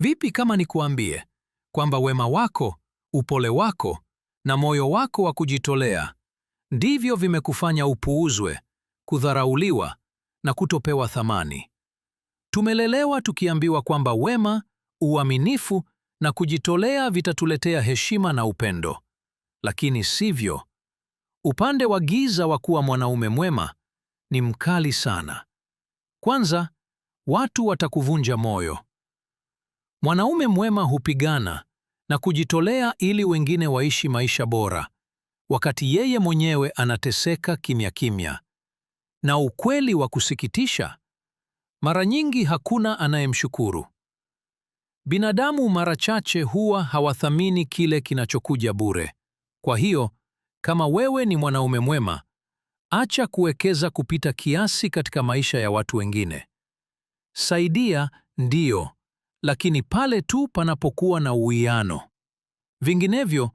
Vipi kama nikuambie kwamba wema wako, upole wako na moyo wako wa kujitolea ndivyo vimekufanya upuuzwe, kudharauliwa na kutopewa thamani. Tumelelewa tukiambiwa kwamba wema, uaminifu na kujitolea vitatuletea heshima na upendo, lakini sivyo. Upande wa giza wa kuwa mwanaume mwema ni mkali sana. Kwanza, watu watakuvunja moyo. Mwanaume mwema hupigana na kujitolea ili wengine waishi maisha bora, wakati yeye mwenyewe anateseka kimya kimya. Na ukweli wa kusikitisha, mara nyingi hakuna anayemshukuru. Binadamu mara chache huwa hawathamini kile kinachokuja bure. Kwa hiyo, kama wewe ni mwanaume mwema, acha kuwekeza kupita kiasi katika maisha ya watu wengine. Saidia ndiyo, lakini pale tu panapokuwa na uwiano. Vinginevyo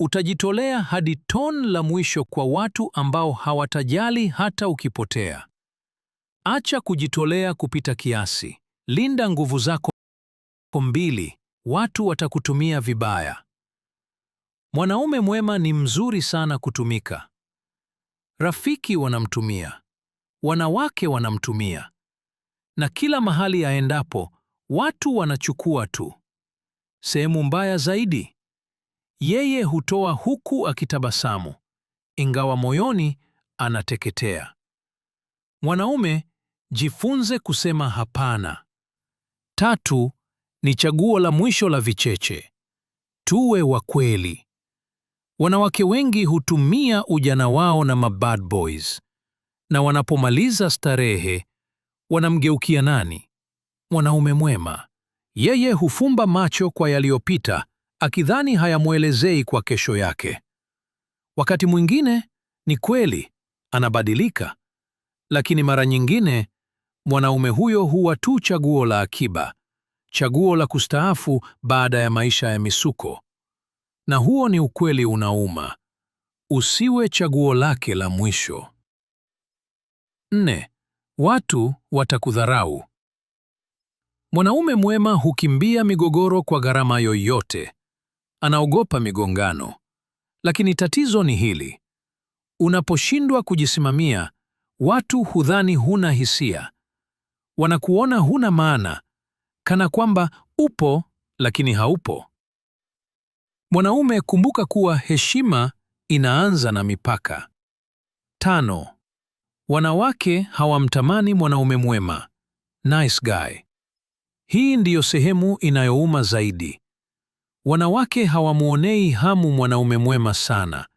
utajitolea hadi ton la mwisho kwa watu ambao hawatajali hata ukipotea. Acha kujitolea kupita kiasi, linda nguvu zako mbili, watu watakutumia vibaya. Mwanaume mwema ni mzuri sana kutumika. Rafiki wanamtumia, wanawake wanamtumia, na kila mahali aendapo Watu wanachukua tu. Sehemu mbaya zaidi, yeye hutoa huku akitabasamu, ingawa moyoni anateketea. Mwanaume, jifunze kusema hapana. Tatu ni chaguo la mwisho la vicheche. Tuwe wa kweli. Wanawake wengi hutumia ujana wao na mabad boys, na wanapomaliza starehe wanamgeukia nani? mwanaume mwema. Yeye hufumba macho kwa yaliyopita, akidhani hayamwelezei kwa kesho yake. Wakati mwingine ni kweli anabadilika, lakini mara nyingine mwanaume huyo huwa tu chaguo la akiba, chaguo la kustaafu baada ya maisha ya misuko. Na huo ni ukweli unauma. Usiwe chaguo lake la mwisho. Nne, watu watakudharau. Mwanaume mwema hukimbia migogoro kwa gharama yoyote. Anaogopa migongano. Lakini tatizo ni hili. Unaposhindwa kujisimamia, watu hudhani huna hisia. Wanakuona huna maana, kana kwamba upo lakini haupo. Mwanaume, kumbuka kuwa heshima inaanza na mipaka. Tano, wanawake hawamtamani mwanaume mwema, nice guy. Hii ndiyo sehemu inayouma zaidi. Wanawake hawamuonei hamu mwanaume mwema sana.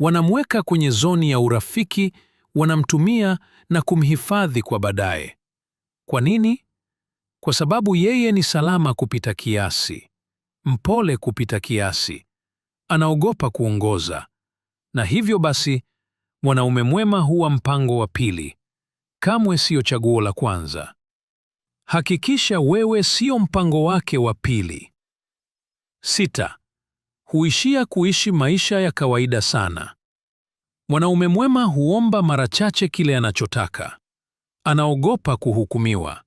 Wanamweka kwenye zoni ya urafiki, wanamtumia na kumhifadhi kwa baadaye. Kwa nini? Kwa sababu yeye ni salama kupita kiasi, mpole kupita kiasi, anaogopa kuongoza. Na hivyo basi, mwanaume mwema huwa mpango wa pili, kamwe siyo chaguo la kwanza. Hakikisha wewe sio mpango wake wa pili. Sita, huishia kuishi maisha ya kawaida sana. Mwanaume mwema huomba mara chache kile anachotaka. Anaogopa kuhukumiwa,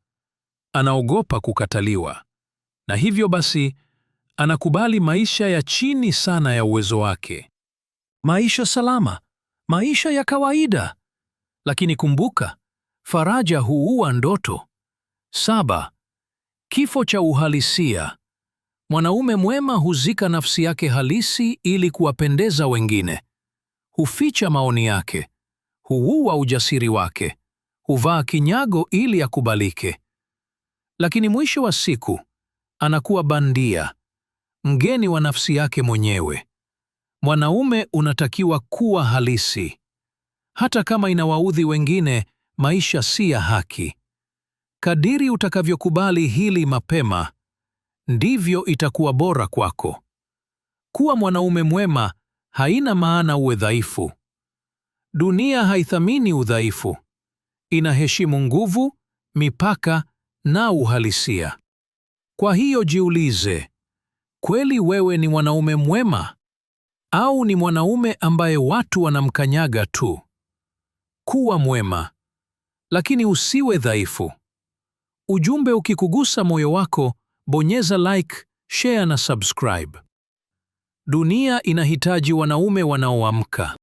anaogopa kukataliwa, na hivyo basi anakubali maisha ya chini sana ya uwezo wake, maisha salama, maisha ya kawaida. Lakini kumbuka, faraja huua ndoto. Saba, kifo cha uhalisia. Mwanaume mwema huzika nafsi yake halisi ili kuwapendeza wengine. Huficha maoni yake, huua ujasiri wake, huvaa kinyago ili akubalike. Lakini mwisho wa siku anakuwa bandia, mgeni wa nafsi yake mwenyewe. Mwanaume unatakiwa kuwa halisi, hata kama inawaudhi wengine. Maisha si ya haki. Kadiri utakavyokubali hili mapema, ndivyo itakuwa bora kwako. Kuwa mwanaume mwema haina maana uwe dhaifu. Dunia haithamini udhaifu, inaheshimu nguvu, mipaka na uhalisia. Kwa hiyo jiulize, kweli wewe ni mwanaume mwema au ni mwanaume ambaye watu wanamkanyaga tu? Kuwa mwema, lakini usiwe dhaifu. Ujumbe ukikugusa moyo wako, bonyeza like, share na subscribe. Dunia inahitaji wanaume wanaoamka.